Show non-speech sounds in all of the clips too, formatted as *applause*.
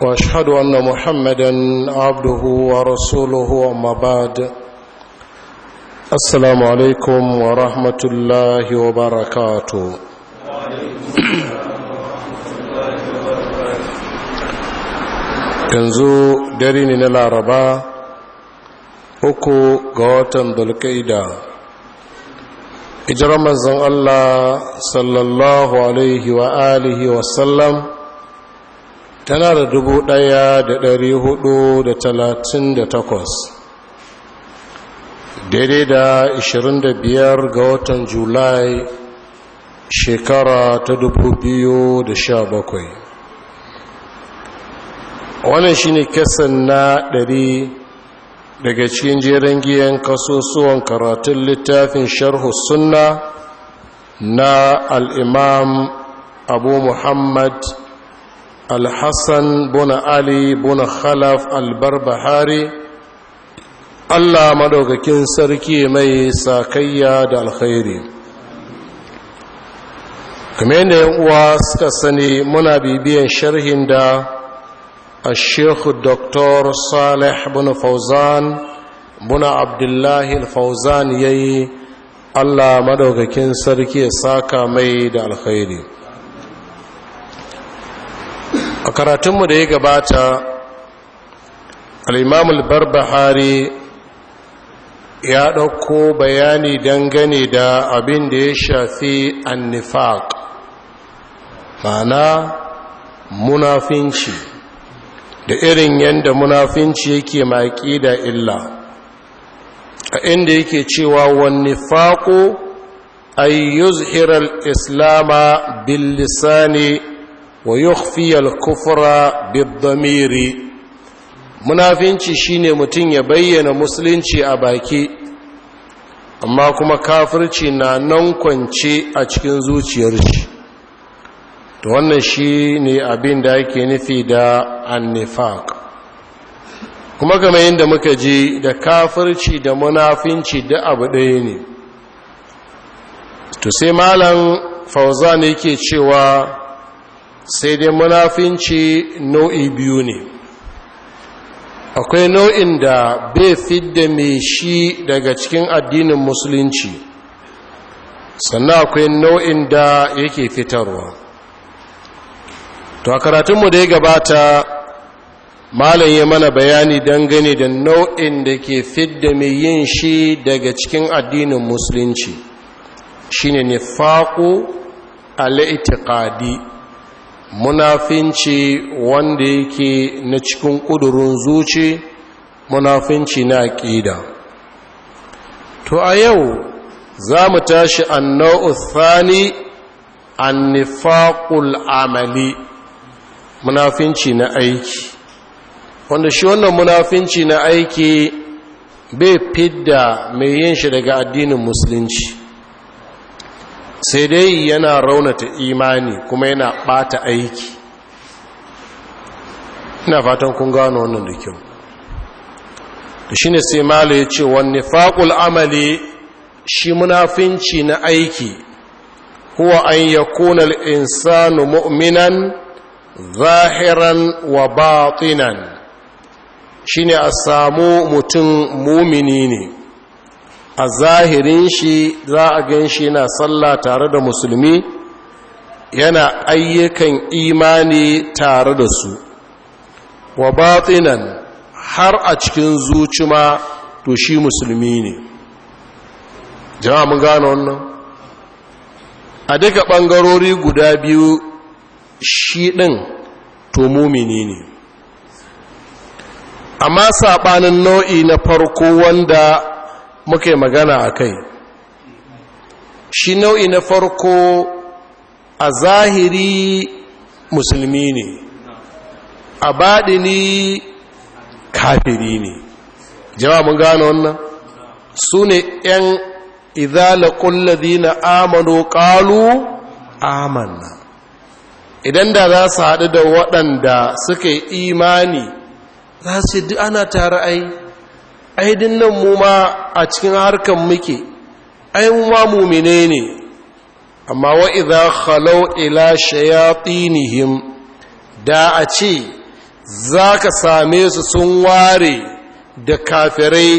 واشهد ان محمدا عبده ورسوله اما بعد السلام عليكم ورحمه الله وبركاته yanzu dare ne na laraba uku ga watan dulkaida ijirar manzan allah sallallahu alaihi wa alihi wasallam tana da dubu ɗaya da ɗari hudu da talatin da takwas daidai da biyar ga watan julai shekara ta dubu biyu da sha bakwai. wannan ne kasan na ɗari daga cikin jerin giyan kasusuwan karatun littafin sharhu sunna na al'imam abu muhammad alhassan buna ali buna khalaf albarbahari allah maɗaukakin sarki mai sakayya da alkhairi Kame yadda yan uwa suka sani muna bibiyan sharhin da الشيخ الدكتور صالح بن فوزان بن عبد الله الفوزان يي الله مدوغكين سركي ساكا ميد الخيري a karatunmu da ya gabata al'imamul barbahari ya ɗauko bayani dangane da abin da ya shafi annifaq mana munafinci da irin yadda munafinci yake maƙi da illa a inda yake cewa wani faƙo hirar islama lissani wa yukhfiyal kufra bid-damiri munafinci shine mutum ya bayyana musulunci a baki amma kuma kafirci na nan kwance a cikin zuciyar shi to wannan shine abin da yake nufi da annifaq kuma kamar yadda muka ji da kafirci da munafinci da abu ɗaya ne to sai malam fauzan yake cewa sai dai munafinci nau'i biyu ne akwai nau'in da bai fidda mai shi daga cikin addinin musulunci sannan akwai nau'in da yake fitarwa to a karatunmu da ya gabata malam ya mana bayani dangane da nau'in da ke fidda mai yin shi daga cikin addinin musulunci shine nifaku al munafinci wanda yake na cikin ƙudurin zuci munafinci na ƙida to a yau za mu tashi annau thani nifaƙul amali munafinci na aiki wanda shi wannan munafinci na aiki bai fidda mai yin shi daga addinin musulunci sai dai yana raunata imani kuma yana bata aiki ina fatan kun gano wannan da kyau da shi sai malo ya ce wani faƙul amali shi munafinci na aiki huwa an ya kunar insanu mu'minan zahiran wa batinan shi ne a samu mutum mumini ne a zahirin shi za a gan shi na sallah tare da musulmi yana ayyukan imani tare da su wa batinan har a cikin ma to shi musulmi ne jama'a mun gano wannan a duka ɓangarori guda biyu shi ɗin to mumini ne amma saɓanin nau'i na farko wanda muke magana a kai shi nau'i na farko a zahiri musulmi ne a baɗini kafiri ne Jam'a mun gano wannan su ne 'yan izala ƙulladi na amano ƙalu amanna idan da za su haɗu da waɗanda suke imani za su yi ana tare ai ai dinnan mu ma a cikin harkan muke ai mu ma mumine ne amma wa idza khalau ila shayatinihim da a ce zaka same su sun ware da kafirai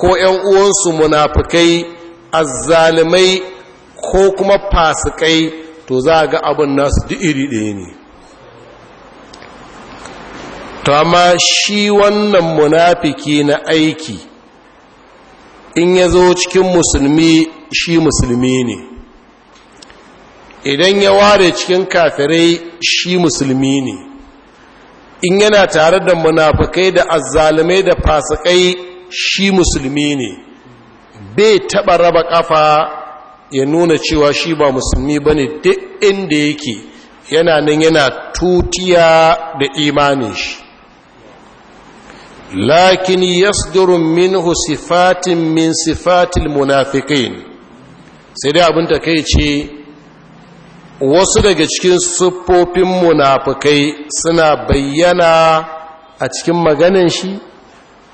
ko ƴan uwansu munafikai azzalimai ko kuma fasikai to za ga abin nasu duk iri ɗaya ne to amma shi wannan munafiki na aiki in ya zo cikin musulmi shi musulmi ne idan ya ware cikin kafirai shi musulmi ne in yana tare da munafikai da azzalumai da fasikai shi musulmi ne bai taɓa raba ƙafa ya nuna cewa shi ba musulmi ba ne duk inda yake yana nan yana tutiya da imanin shi lakin yasduru minhu sifatin min sifatil munafiqin sai dai abin takeici wasu daga cikin siffofin munafukai suna bayyana a cikin maganan shi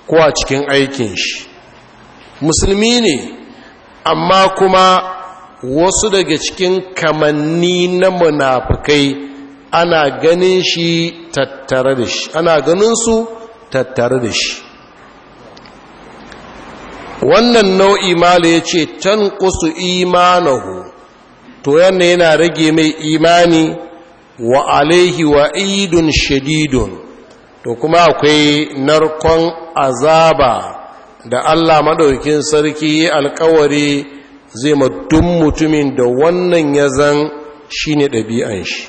ko a cikin aikin shi musulmi ne amma kuma wasu daga cikin kamanni na munafukai ana ganin shi tattare da shi ana ganin su tattare da shi wannan nau'i mala ya ce can kusu imanahu to yana yana rage mai imani wa alaihi wa idun shadidun to kuma akwai narkon azaba da allah maɗaukin sarki alkawari zai ma mutumin da wannan ya zan shi ne ɗabi'an shi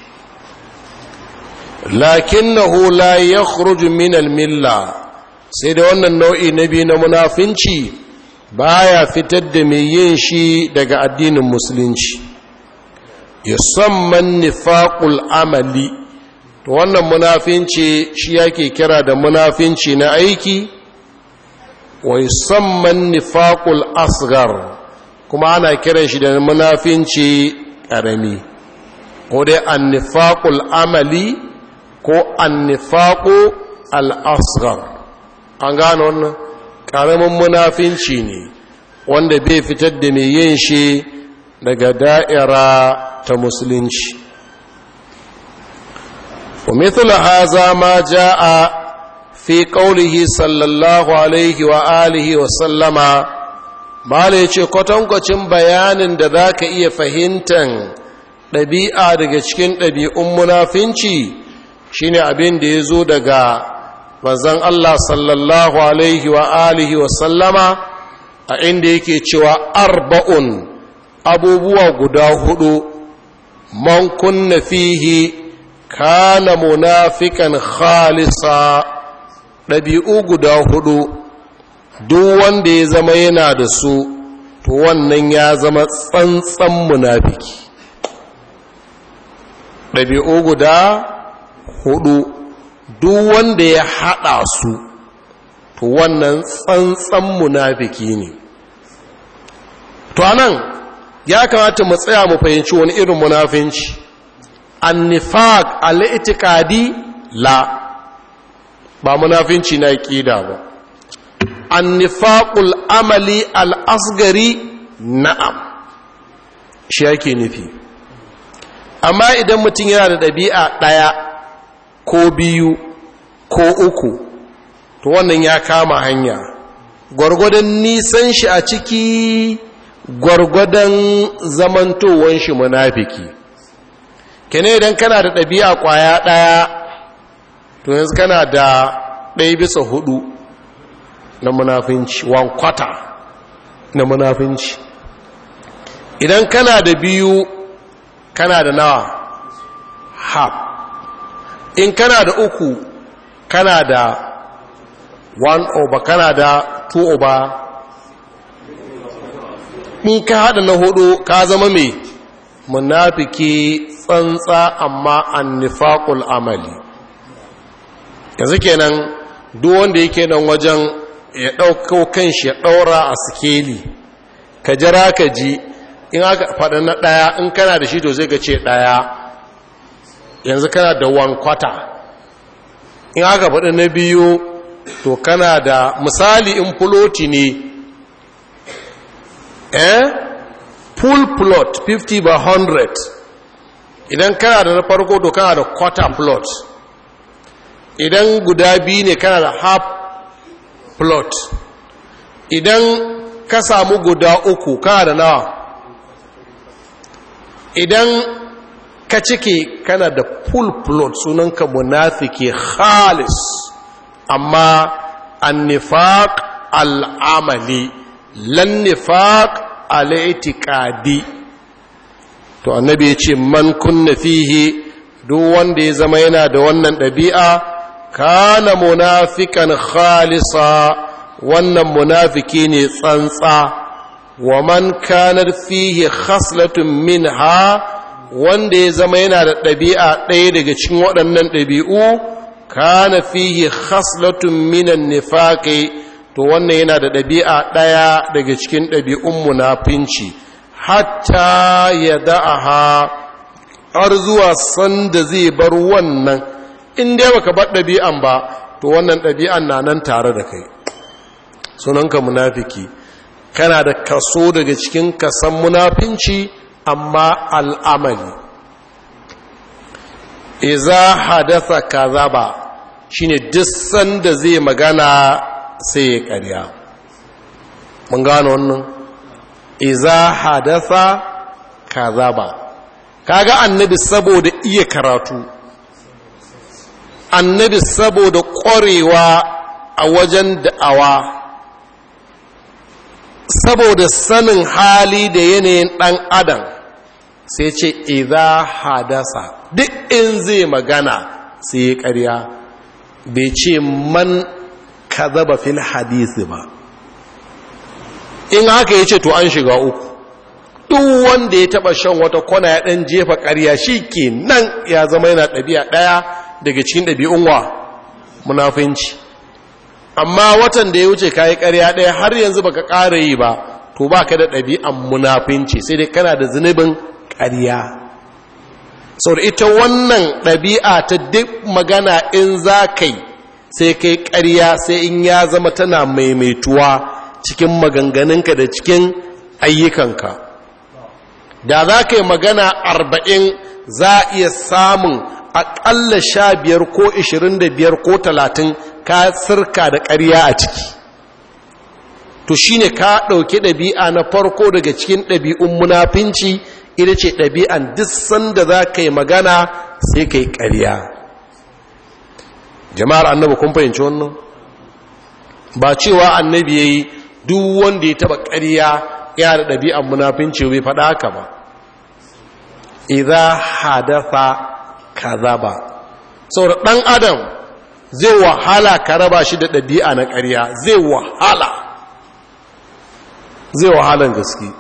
lakinnahu la yakhruju min al-milla sai da wannan nau'i na biyu na munafinci baya fitar da mai yin shi daga addinin musulunci yusamman nifaqul amali to wannan munafinci shi yake kira da munafinci na aiki wa yusamman nifaqul asghar kuma ana kiran shi da munafinci karami ko dai annifaqul amali ko annifaqu al-asghar an gano wannan karamin munafinci ne wanda bai fitar da mai yin shi daga da'ira ta musulunci ومثل a ما جاء في قوله صلى الله عليه وآله وسلم ما ce kwatankwacin bayanin da za ka iya fahimtan ɗabi'a daga cikin ɗabi'un munafinci shine abin da ya zo daga manzon Allah sallallahu alaihi wa alihi wa sallama a inda yake cewa arba'un abubuwa guda hudu man kunna fihi kana munafikan khalisa ɗabi'u guda hudu duk wanda ya zama yana da su to wannan ya zama tsantsan munafiki ɗabi'u guda hudu duk wanda ya haɗa su to wannan tsantsan munafiki ne to anan ya kamata mu tsaya mu fahimci wani irin munafinci annifaq al-i'tiqadi la ba munafinci na ƙida ba annifaqul amali al-asghari na'am shi yake nufi amma idan mutum yana da ɗabi'a ɗaya ko biyu ko uku to wannan ya kama hanya gwargwadon nisan shi a ciki gwargwadon zamantowar shi munafiki kene idan kana da ɗabi'a kwaya ɗaya to yanzu kana da ɗaya bisa hudu na munafinci one quarter na munafinci idan kana da biyu kana da nawa half in kana da uku kana da 1 over kana da 2 over in ka haɗa na hudu ka zama mai munafiki tsantsa amma annifaqul amali yanzu kenan duk wanda yake nan wajen ya dauko kanshi ya daura a sikeli ka jira ka ji in aka faɗa na ɗaya in kana da shi to zai ga ce ɗaya yanzu kana da wankwata in aka faɗi na biyu to kana da misali in puloti ne eh full plot 50 by 100 idan kana da na farko to kana da quarter plot idan guda biyu ne kana da half plot idan ka samu guda uku kana da nawa idan ka cike kana da full plot sunanka munafiki khalis amma annifaq al'amali lan nifaq al'itiqadi to annabi ya ce man kunna fihi duk wanda ya zama yana da wannan ɗabi'a kana munafikan khalisa wannan munafiki ne tsantsa wa man kanar fihi khaslatun minha wanda ya zama yana da ɗabi'a ɗaya daga cikin waɗannan ɗabi'u kana fihi haslatun minan nifaqi to wannan yana da ɗabi'a ɗaya daga cikin ɗabi'un munafinci hatta ya da'aha har zuwa sanda zai bar wannan in dai baka bar ɗabi'an ba to wannan ɗabi'an na nan tare da kai sunanka munafiki kana da kaso daga cikin kasan munafinci amma al'amali iza hadasa shi shine duk sanda zai magana sai ya ƙarya mun gano wannan iza hadasa kazaba kaga annabi saboda iya karatu annabi saboda ƙwarewa a wajen da'awa saboda sanin hali da yanayin ɗan adam sai ce idan hadasa duk in zai magana sai ya ƙarya bai ce man ka zaba fil hadisi ba in haka ya ce to an shiga uku duk wanda ya taba shan wata kwana ya dan jefa ƙarya ke nan ya zama yana ɗabi'a ɗaya daga cikin ɗabi'un munafinci amma watan da ya wuce ka yi ƙarya ɗaya har yanzu baka ƙara yi ba to baka da ɗabi'an munafinci sai dai kana da zunubin ƙarya sau da ita wannan ɗabi'a ta duk magana in za kai sai kai ƙarya sai in ya zama tana maimaituwa cikin maganganunka da cikin ayyukanka da za ka yi magana arba'in za a iya samun aƙalla sha biyar ko ishirin da biyar ko talatin ka sirka da ƙarya a ciki to shine ka ɗauki ɗabi'a na farko daga cikin ɗabi'un munafinci ita ce ɗabi'an duk sanda za ka yi magana sai ka yi ƙarya jama'ar annabi kun fahimci wannan ba cewa annabi ya yi duk wanda ya taɓa ƙarya ya da ɗabi'an munafinci bai faɗa ka ba idan hadatha kaza ba saboda ɗan adam zai wahala ka raba shi da ɗabi'a na ƙarya zai wahala zai wahalan gaske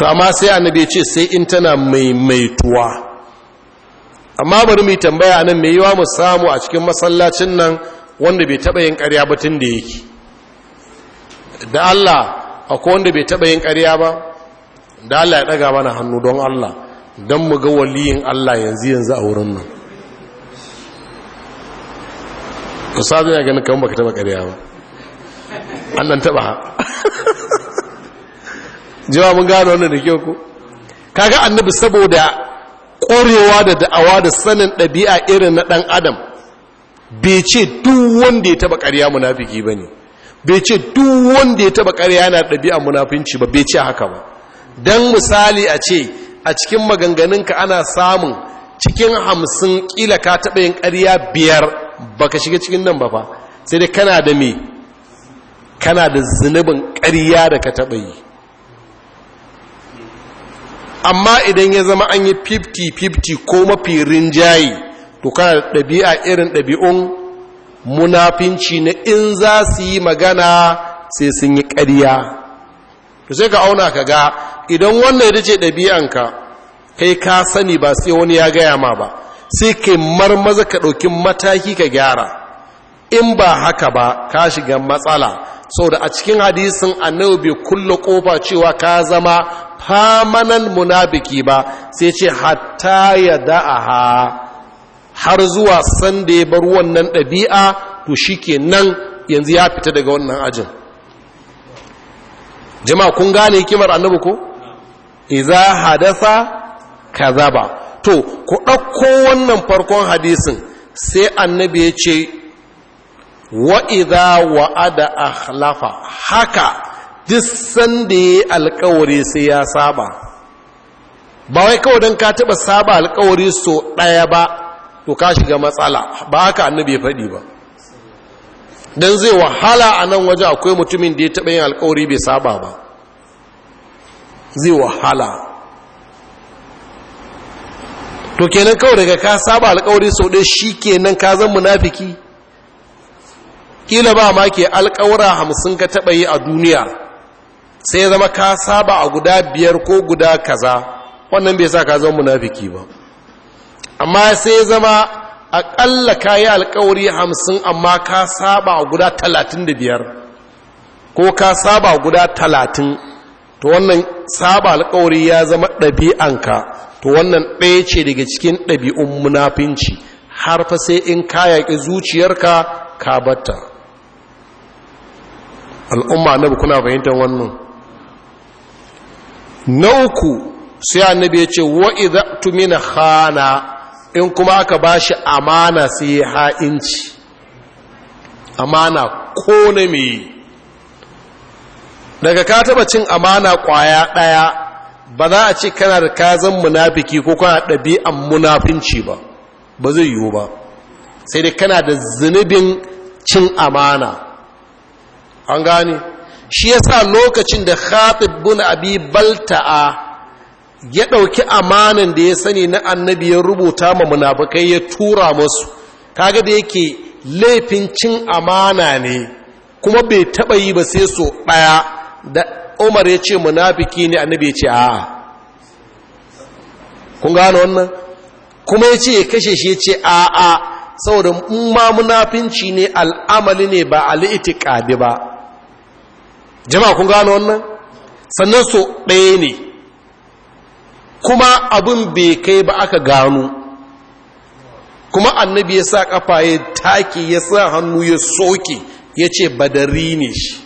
to amma sai annabi ya ce sai in tana maimaituwa amma bari mu tambaya nan me yiwa mu samu a cikin masallacin nan wanda bai taba yin ƙarya ba tun da yake da Allah akwai wanda bai taba yin ƙarya ba da Allah ya daga mana hannu don Allah don mu ga waliyin Allah yanzu yanzu a wurin nan ka sabi ya ganin kan baka taba ƙarya ba annan taba *laughs* jama mun gano wannan da kyau ko kaga annabi saboda korewa da da'awa da sanin ɗabi'a irin na ɗan adam bai ce duk wanda ya taba ƙarya munafiki ba bai ce duk wanda ya taba ƙarya yana dabia munafinci ba bai ce haka ba dan misali a ce a cikin maganganunka ana samun cikin hamsin kila ka taba yin ƙarya biyar baka shiga cikin nan ba fa sai dai kana da me kana da zunubin ƙarya da ka taɓa yi amma idan ya zama an yi 50-50 ko mafi rinjaye to kana da ɗabi'a irin ɗabi'un munafinci na in za su yi magana sai sun yi ƙariya. to sai ka auna ka ga idan wannan ya dace ɗabi'anka kai ka sani ba sai wani ya gaya ma ba sai kai marmaza ka ɗauki mataki ka gyara in ba haka ba ka shiga matsala Sau da a cikin hadisin annabi bai kulle kofa cewa ka zama famanan munafiki ba sai ce hatta ya da'aha har zuwa sanda ya bar wannan ɗabi'a to ke nan yanzu ya fita daga wannan ajin jama'a kun gane hikimar annabi ko iza hadasa kazaba to ku ɗauko wannan farkon hadisin sai annabi ya ce wa'iza wa'ada akhlafa haka duk sanda ya yi alkawari sai ya saba ba wai kawai don ka taɓa saba alkawari so ɗaya ba to ka shiga matsala ba haka annabi faɗi ba don zai wahala a nan waje akwai mutumin da ya taɓa yin alkawari bai saba ba zai wahala to kenan kawai daga ka saba alkawari sau ɗaya shi kenan ka zan munafiki kila ba ma ke alƙawura hamsin ka taɓa yi a duniya sai zama ka saba a guda biyar ko guda kaza wannan bai sa ka zama munafiki ba amma sai zama aƙalla ka yi alƙawari hamsin amma ka saba a guda talatin da biyar ko ka saba a guda talatin to wannan saba alkawari ya zama ɗabi'anka to wannan ɗaya ce daga cikin ɗabi'un munafinci har fa sai in ka yaƙi zuciyarka ka batta al'umma annabi kuna fahimtar wannan na uku sai annabi ya ce wa idza tumina hana in kuma aka ba shi amana sai ha'inci amana ko na me daga ka taba cin amana kwaya daya ba za a ce kana da kazan munafiki ko kana ɗabi'an munafinci ba ba zai yiwu ba sai dai kana da zunubin cin amana an gane shi yasa lokacin da khatib bin abi balta'a ya ɗauki amanan da ya sani na annabi ya rubuta ma munafakai ya tura musu kaga da yake laifin cin amana ne kuma bai taɓa yi ba sai so ɗaya da umar ya ce munafiki ne annabi ya ce a'a kun gane wannan kuma ya ce ya kashe shi ya ce a'a saboda in ma munafinci ne al'amali ne ba al'itikadi ba jama'a kun gano wannan sannan so ɗaya ne kuma abin bai kai ba aka gano kuma annabi ya sa kafa ya take ya sa hannu ya soke ya ce badari ne shi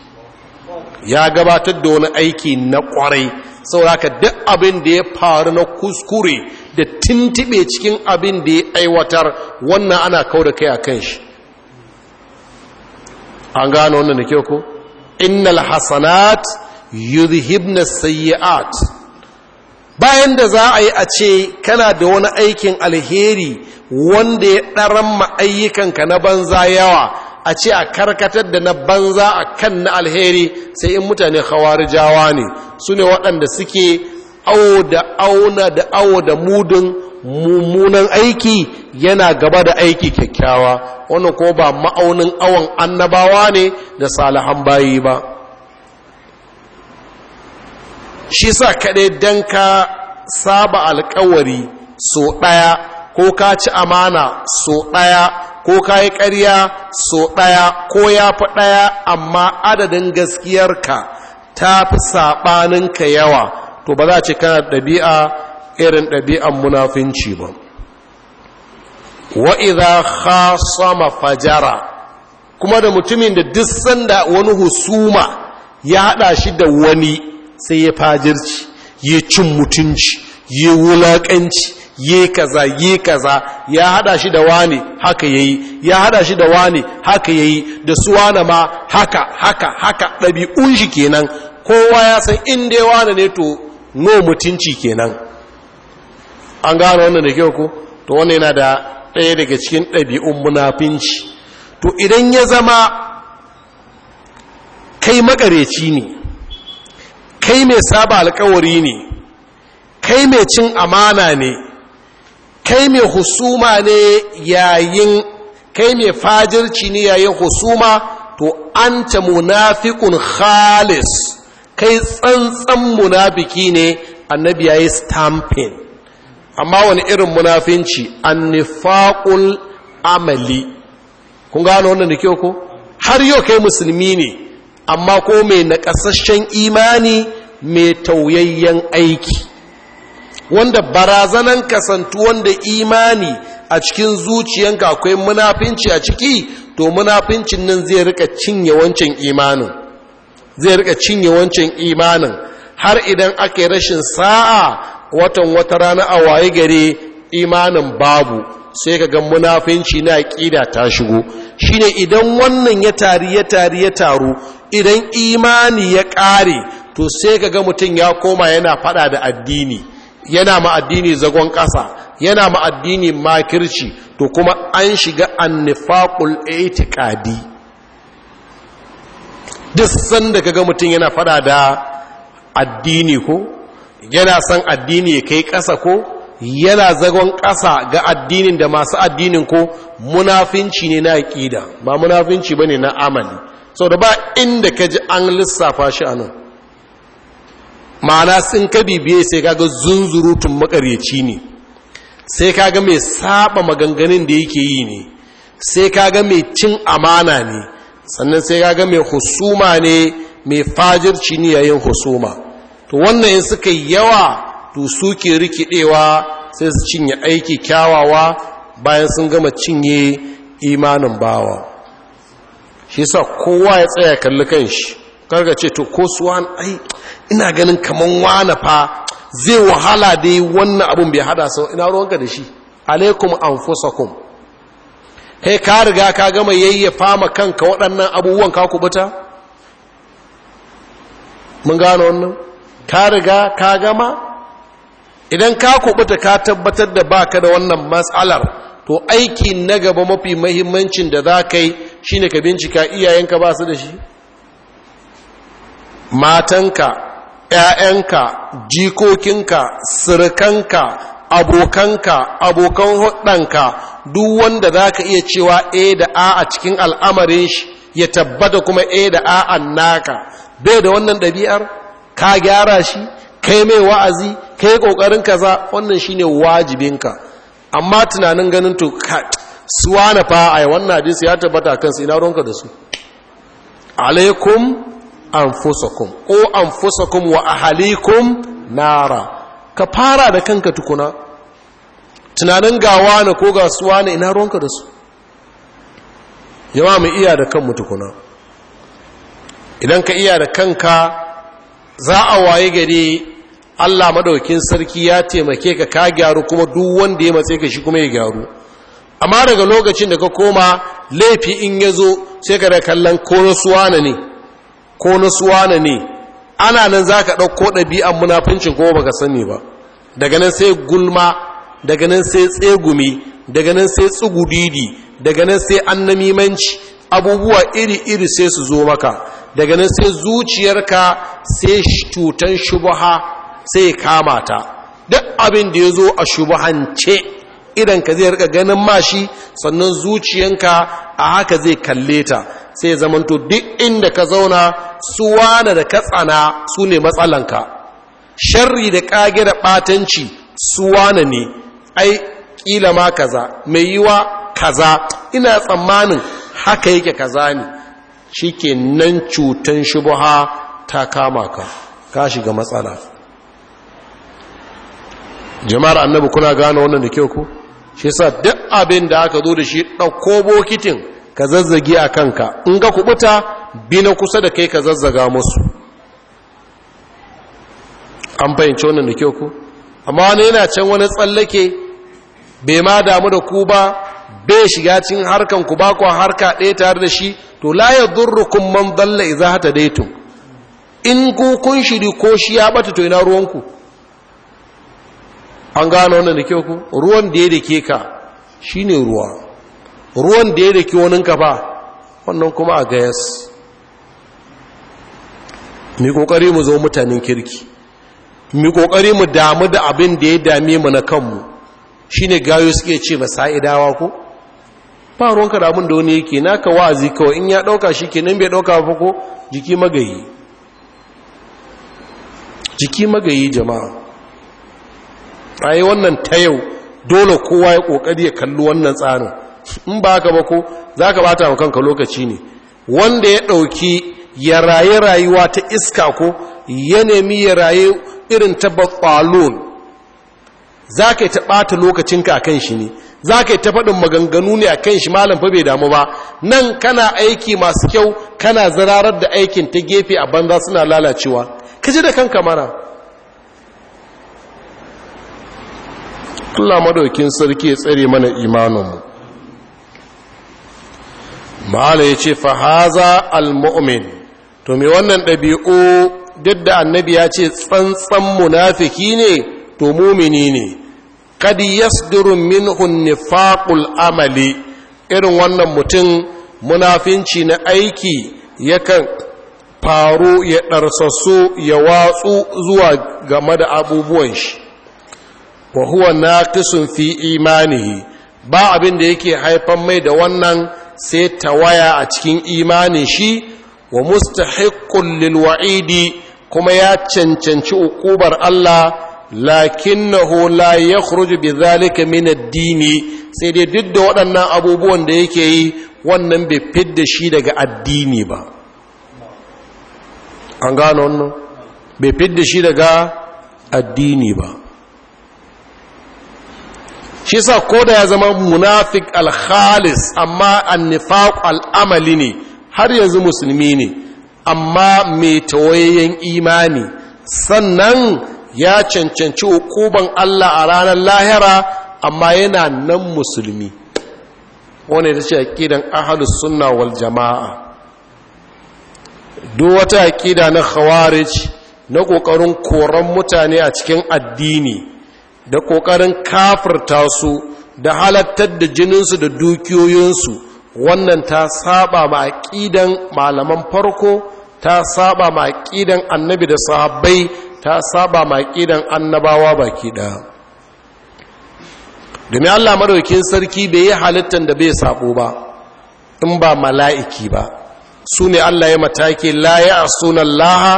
ya gabatar da wani aiki na kwarai sauraka duk abin da ya faru na kuskure da tintube cikin abin da ya aiwatar wannan ana kau da kai a kan shi an gano wannan da kyau ko innal hasanat yuzhibna sayyi'at bayan da za a yi a ce kana da wani aikin alheri wanda ya ɗarama ayyukanka na banza yawa a ce a karkatar da na banza a kan na alheri sai in mutane hawarijawa ne su ne waɗanda suke awo da auna da awo da mudun mummunan aiki yana gaba da aiki kyakkyawa wannan ko ba ma'aunin awon annabawa ne da salihan bayi ba shi sa kaɗai don ka saba alkawari so ɗaya ko ka ci amana so ɗaya ko ka yi ƙarya so ɗaya ko ya fi ɗaya amma adadin gaskiyarka ta fi saɓaninka yawa to ba za a ce kana ɗabi'a irin ɗabi'an munafinci ba wa'iza sama fajara kuma da mutumin da duk sanda wani husuma ya haɗa shi da wani sai ya fajirci ya cin mutunci ya wulaƙanci ya kaza ya kaza ya haɗa shi da wani haka yayi ya haɗa shi da wani haka yayi da su wane ma haka haka haka ɗabi'un shi kenan kowa ya san inda ya wani ne to no mutunci kenan an gano wannan da kyau ko to wannan yana da ɗaya daga cikin ɗabi'un munafinci to idan ya zama kai makareci ne kai mai saba alkawari ne kai mai cin amana ne kai mai husuma ne yayin kai mai fajirci ne yayin husuma to an ta munafikun khalis kai tsantsan munafiki ne annabi ya yi stamping amma wani irin munafinci nifaƙul amali kun gano wannan da kyau ko har yau kai musulmi ne amma ko mai naƙasasshen imani mai tauyayyen aiki wanda barazanan kasantu wanda imani a cikin zuciyanka akwai munafinci a ciki to munafincin nan zai rika cinye wancan imanin zai rika cinye wancan imanin har idan aka yi rashin sa'a watan wata rana a waye gare imanin babu sai ka ga munafinci na ƙida ta shigo shine idan wannan ya tari ya tari ya taru idan imani ya ƙare to sai ka ga mutum ya koma yana fada da addini yana ma zagon ƙasa yana ma addini makirci to kuma an shiga annifaqul itiqadi duk sanda ka ga mutum yana fada da addini ko yana son addini ya kai ƙasa ko yana zagon ƙasa ga addinin da masu addinin ko munafinci ne na aƙida ba munafinci ba ne na amali sau da ba inda ka ji an lissafa shi a nan ma'ana sun ka bibiye sai kaga tun makaryaci ne sai kaga mai saba maganganun da yake yi ne sai kaga mai cin amana ne sannan sai kaga mai husuma ne mai fajirci ne yayin husuma to wannan in suka yi yawa to suke rikidewa sai su cinye aiki kyawawa bayan sun gama cinye imanin bawa shi sa kowa ya tsaya kalli kan shi karga ce to ko suwan ai ina ganin kamar wani fa zai wahala dai wannan abun bai hada sau ina ruwanka da shi alaikum an fusakum he ka riga ka gama yayyafa fama kanka waɗannan abubuwan ka kubuta mun gano wannan ka riga ka gama idan ka kubuta ka tabbatar da baka da wannan matsalar to aiki na gaba mafi mahimmancin da za ka yi shi ne ka bincika iyayenka ba su da shi matanka ‘ya'yanka jikokinka sirikanka abokanka abokan hudanka duk wanda za ka iya cewa a da a a cikin al'amarin shi ya tabbata kuma a da a naka bai da wannan ɗabi'ar ka gyara shi kai mai wa'azi kai kokarin kaza wannan shine wajibinka amma tunanin ganin to suwa na fa ai wannan su, ya tabbata kansu ina ronka da su alaikum anfusakum ko anfusakum wa ahalikum nara ka fara da kanka tukuna tunanin gawa na ko ga suwa na ina ronka da su yawa mu iya da kanmu tukuna idan ka iya da kanka za a waye gari Allah madaukin sarki ya taimake ka ka gyaru kuma duk wanda ya matse ka shi kuma ya gyaru amma daga lokacin da ka koma laifi in ya zo sai ka da kallon ko na suwana ne ko na suwana ne ana nan za ka ɗauko ɗabi'an munafincin kuma ka sani ba daga nan sai gulma daga nan sai tsegumi daga nan sai tsugudidi daga nan sai annamimanci abubuwa iri-iri sai su zo maka daga nan sai zuciyarka sai cutan shubaha sai kama ta duk abin da ya zo a ce idan ka zai rika ganin mashi sannan zuciyanka a haka zai kalle ta sai zamanto duk inda ka zauna suwana da katsana su ne matsalanka sharri da kage da batanci wane ne ai kila ma kaza mai yiwa kaza ina tsammanin haka yake kaza ne shi ke nan cutan shubuha ta kama ka ka shiga matsala jama'ar annabi kuna gane wannan da kyau ku shi sa duk abin da aka zo da shi ɗauko bokitin ka zazzagi a kanka in ga kubuta bi na kusa da kai ka zazzaga musu an fahimci wannan da kyau ku amma wani yana can wani tsallake bai ma damu da ku ba Be shiga cikin harkan ku ba ku harka ɗaya tare da shi to la yadurrukum man dalla idza hatadaytum in ku kun shiri ko shi ya bata to ina ruwanku an gano wannan da ke ku ruwan da ya dake ka shine ruwa ruwan da ya dake wani ka ba wannan kuma a gayas mu kokari mu zo mutanen kirki mu kokari mu damu da abin da ya dame mu na kanmu shine gayo suke ce masa'idawa ko ba ruwanka da abin da wani yake naka wa'azi kawai in ya ɗauka shi ke nan bai ɗauka ba ko jiki magayi jiki magayi jama'a a yi wannan ta yau dole kowa ya ƙoƙari ya kalli wannan tsarin in ba haka ba ko za ka bata wa kanka lokaci ne wanda ya ɗauki ya raye rayuwa ta iska ko ya nemi ya raye irin ta batsalon za ka yi ta ɓata lokacinka a kan shi ne za ka yi ta faɗin maganganu ne a kan shi malam fa bai damu ba nan kana aiki masu kyau kana zararar da aikin ta gefe a banza suna lalacewa ka ji da kanka mana Allah madaukin sarki ya tsare mana imaninmu ma'ala ya ce fahaza al-mu'min to me wannan ɗabi'u duk da annabi ya ce tsantsan munafiki ne to mumini ne kad yasduru minhu nifaqul amali irin wannan mutum munafinci na aiki yakan faru ya ɗarsasu ya watsu zuwa game da abubuwan shi wa huwa naqisun fi imanihi ba abin da yake haifan mai da wannan sai tawaya a cikin imanin shi wa mustahiqqun lil wa'idi kuma ya cancanci uƙubar Allah lakinnahu la yakhruju bidhalika min ad-dini sai dai duk da waɗannan abubuwan da yake yi wannan bai fidda shi daga addini ba an gano wannan bai fidda shi daga addini ba shi sa koda ya zama munafik al-khalis amma an-nifaq al-amali ne har yanzu musulmi ne amma mai tawayen imani sannan ya cancanci hukuban Allah a ranar lahira amma yana nan musulmi wani da ce aƙidan ahalus sunna wal jama'a duk wata aƙida na khawarij na ƙoƙarin koran mutane a cikin addini da ƙoƙarin kafirta su da halattar da jininsu da dukiyoyinsu wannan ta saba ma aƙidan malaman farko ta saba ma aƙidan annabi da sahabbai ta saba maƙidan annabawa baki ɗaya domin allah maraukin sarki bai yi halittar da bai sabo ba in ba mala'iki ba su ne allah ya mataki laye a sunan laha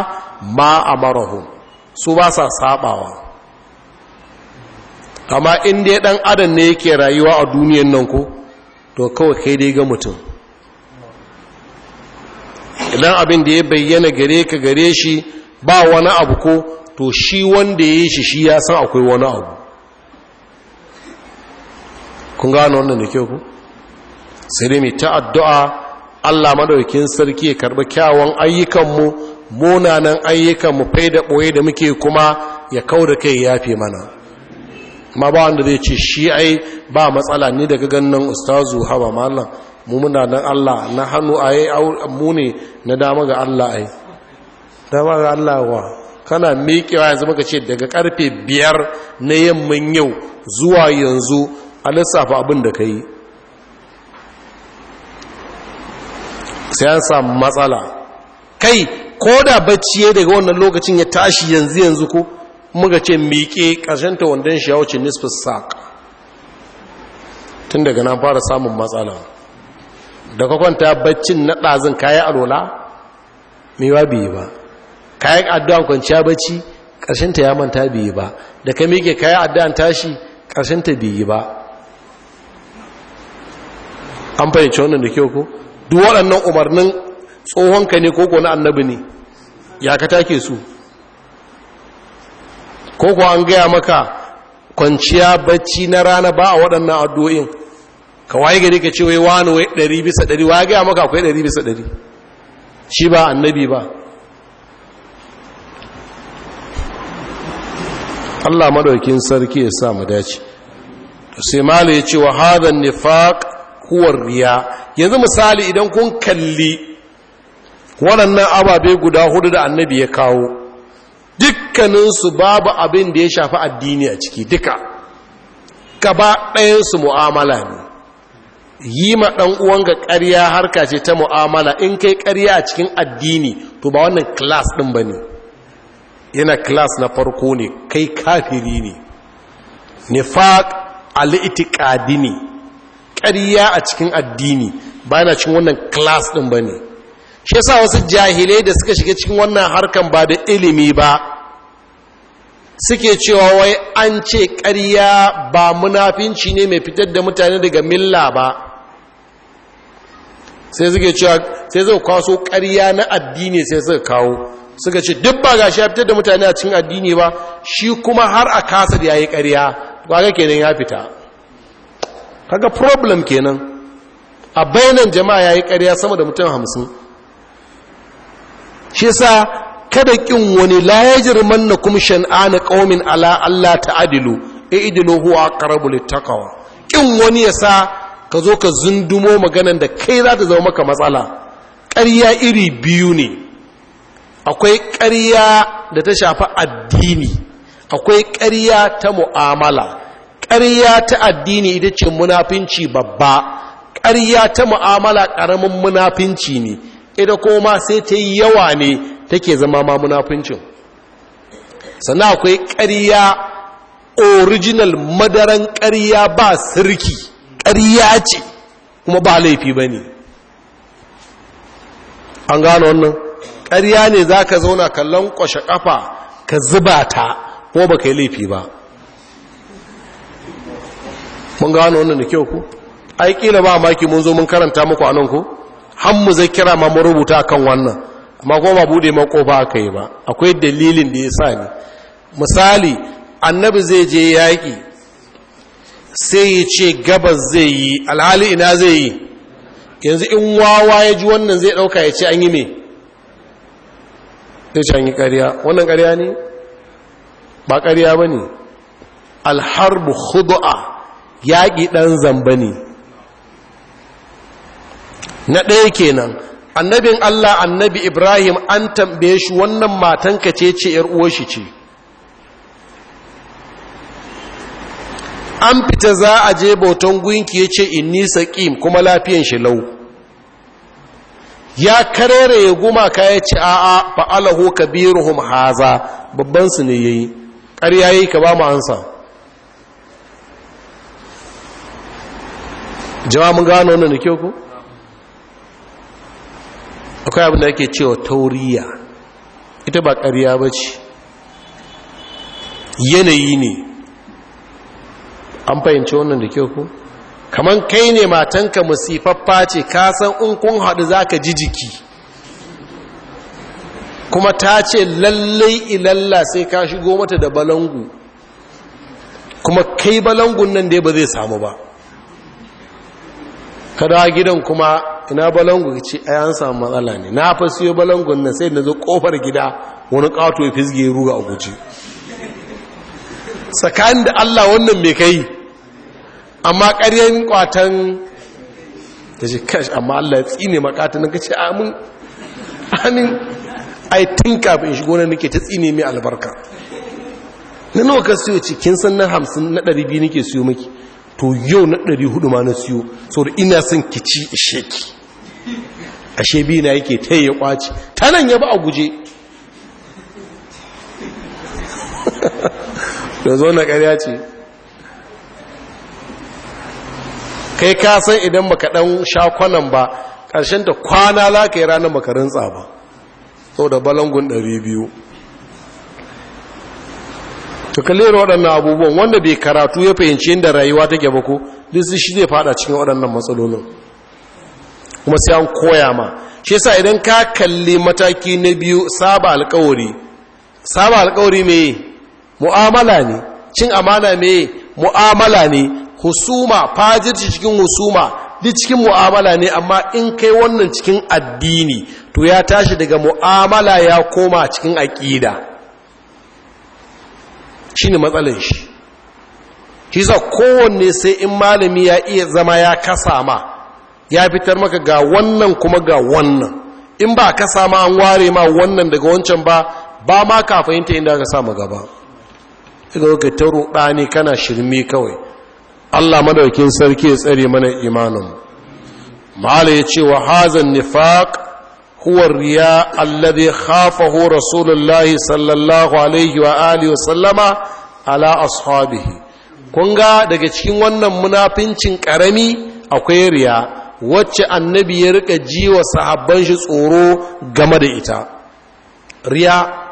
ma a marahun su ba sa sabawa amma inda ya ɗan adam ne yake rayuwa a duniyar nan ko to kawai kai dai ga mutum idan abin da ya bayyana gare ka gare shi ba wani abu ko to shi wanda ya shi shi ya san akwai wani abu kun gano wannan da kyau ku sai dai mai ta'addu'a Allah madaukin sarki ya karɓi kyawun ayyukanmu munanan ayyukanmu fai da ɓoye da muke kuma ya kau da kai yafe mana ma ba wanda zai ce shi ai ba matsala ni daga gannan ustazu haba mallam mu muna nan Allah na hannu ai mu ne na dama ga Allah ai Da ba ga Allah wa kana miƙewa yanzu muka ce daga karfe biyar na yamman yau zuwa yanzu a lissafa abin da ka yi sai an samu matsala kai ko da bacci ya daga wannan lokacin ya tashi yanzu yanzu ko muka ce miƙe ƙarshenta wandon shi ya wuce nisfin sak. tun daga na fara samun matsala da kwakwanta baccin na ɗazin kayan alola mewa ba biyu ba kayan addu'an kwanciya bacci ta ya manta biyu ba da ka miƙe kayan addu'an tashi ta biyu ba an fahimci wannan da kyau ko duk waɗannan umarnin tsohonka ne koko na annabi ne ya ka take su koko an gaya maka kwanciya bacci na rana ba a waɗannan addu'o'in ka waye gari ka ce wai wani wai ɗari bisa ɗari waye gaya maka akwai ɗari bisa ɗari shi ba annabi ba Allah madaukin sarki ya sa mu dace sai mala ya ce wa hadan nifaq huwa riya yanzu misali idan kun kalli waɗannan ababe guda hudu da annabi ya kawo dukkaninsu babu abin da ya shafi addini a ciki duka gaba ɗayansu mu'amala ne yi ma ɗan uwanka ƙarya harka ce ta mu'amala in kai ƙarya a cikin addini to ba wannan class ɗin ba ne yana klas na farko ne kai kafiri ne nifaq al-i'tiqadi ne ƙarya a cikin addini ba yana cikin wannan ɗin din ne. shi yasa wasu jahilai da suka shiga cikin wannan harkan ba da ilimi ba suke cewa wai an ce ƙarya ba munafinci ne mai fitar da mutane daga milla ba sai suke cewa sai zai kwaso ƙarya na addini sai suka kawo suka ce duk ba gashi ya fitar da mutane a cikin addini ba shi kuma har a kasar yayi ƙarya kaga kenan ya fita kaga problem kenan a bayanan jama'a ya yi ƙarya sama da mutum hamsin shi sa kada ƙin wani la yajrimannakum shan'anu qaumin ala alla ta'dilu idilo huwa karabu littakawa ƙin wani ya sa ka zo ka zundumo maganan da kai za ta zama maka matsala ƙarya iri biyu ne akwai ƙarya da ta shafi addini akwai ƙarya ta mu'amala ƙarya ta addini ita ce munafinci babba ƙarya ta mu'amala ƙaramin munafinci ne ita kuma sai ta yi yawa ne take zama ma munafincin sannan akwai ƙarya original madaran ƙarya ba sirki ƙarya ce kuma ba laifi ba ne an gano wannan ƙarya ne za ka zauna ka lankwashe ƙafa ka zuba ta ko ba ka yi laifi ba mun gano wannan da kyau ku ai ba maki mun zo mun karanta muku a nan ku mu zai kira ma mu rubuta kan wannan amma ko ba bude makofa aka yi ba akwai dalilin da ya sa ni misali annabi zai je yaƙi sai ya ce gabas zai yi alhali ina zai yi yanzu in wawa ya ji wannan zai ɗauka ya ce an yi me sai ce yi kariya. wannan kariya ne ba ƙarya ba ne alharbu hudu'a yaƙi ɗan zamba ne na ɗaya kenan annabin allah annabi ibrahim an tambaye shi wannan matan matanka ce ce uwashi ce an fita za a je bautan gunki ya ce in saƙim kuma lafiyan shi lau ya karere ya gumaka ya ce a'a fa'alahu kabiruhum haza babban su ne yayi ƙarya yayi ka ba mu ansa jama'a mun gano wannan da kyau ko akwai abin da ake cewa tauriya ita ba ƙarya ba ce yanayi ne an fahimci wannan da kyau ko kamar kai ne matanka musifaffa ce ka san in kun haɗu za ka ji jiki kuma ta ce lallai ilalla sai ka shigo mata da balangu kuma kai balangun nan dai ba zai samu ba kada gidan kuma ina balangu ce a an samu matsala ne na fa siyo balangun nan sai na zo kofar gida wani kato ya fizge ruga a guji. tsakanin da Allah wannan mai kai amma ƙaryen kwatan ta ce kash amma Allah tsine makata na kace amin amin ai tun kafin shigo na nake ta tsine mai albarka na nawa ka siyo ce kin san na hamsin na ɗari biyu nake siyo miki to yau na ɗari hudu ma na siyo saboda ina son kici ci ishe ki ashe biyu na yake ta ya kwaci ta nan ya ba a guje da zo na ƙarya ce kai ka san idan baka dan sha ba karshen ta kwana za ka yi ranar baka rantsa ba sau da balangun 200 to kalli waɗannan abubuwan wanda bai karatu ya fahimci inda rayuwa take ba ko duk shi zai fada cikin waɗannan matsalolin kuma sai an koya ma shi yasa idan ka kalli mataki na biyu saba alkawari saba alkawari me mu'amala ne cin amana me mu'amala ne husuma fajirci cikin husuma duk cikin mu'amala ne amma in kai wannan cikin addini to ya tashi daga mu'amala ya koma cikin aƙida shi ne matsalin shi shi za kowanne sai in malami ya iya zama ya kasa ma ya fitar maka ga wannan kuma ga wannan in ba kasa ma an ware ma wannan daga wancan ba ba ma ka fahimta inda aka sa gaba daga kai, ta ruɗa ne kana shirme kawai Allah madaukin sarki ya tsare mana imanin mala ya ce wa hazan nifaq huwa riya alladhi khafahu rasulullahi sallallahu alaihi wa alihi wa ala ashabihi kun ga daga cikin wannan munafincin karami akwai riya wacce annabi ya rika ji wa sahabban shi tsoro game da ita riya